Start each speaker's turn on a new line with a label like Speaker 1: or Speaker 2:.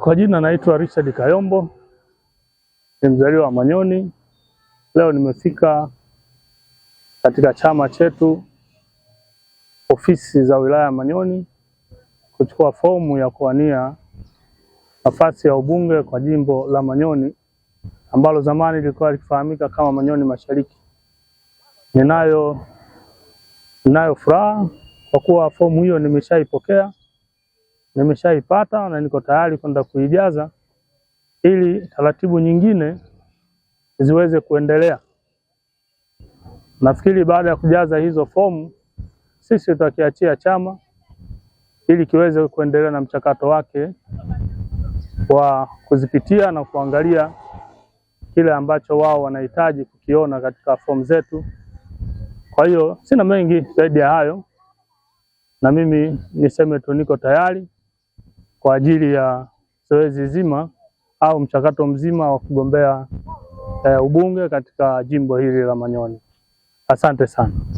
Speaker 1: Kwa jina naitwa Richard Kayombo, ni mzaliwa wa Manyoni. Leo nimefika katika chama chetu ofisi za wilaya ya Manyoni kuchukua fomu ya kuwania nafasi ya ubunge kwa jimbo la Manyoni ambalo zamani lilikuwa likifahamika kama Manyoni Mashariki. Ninayo ninayo furaha kwa kuwa fomu hiyo nimeshaipokea nimeshaipata na niko tayari kwenda kuijaza ili taratibu nyingine ziweze kuendelea. Nafikiri baada ya kujaza hizo fomu sisi tutakiachia chama ili kiweze kuendelea na mchakato wake wa kuzipitia na kuangalia kile ambacho wao wanahitaji kukiona katika fomu zetu. Kwa hiyo sina mengi zaidi ya hayo, na mimi niseme tu niko tayari kwa ajili ya zoezi zima au mchakato mzima wa kugombea e, ubunge katika jimbo hili la Manyoni. Asante sana.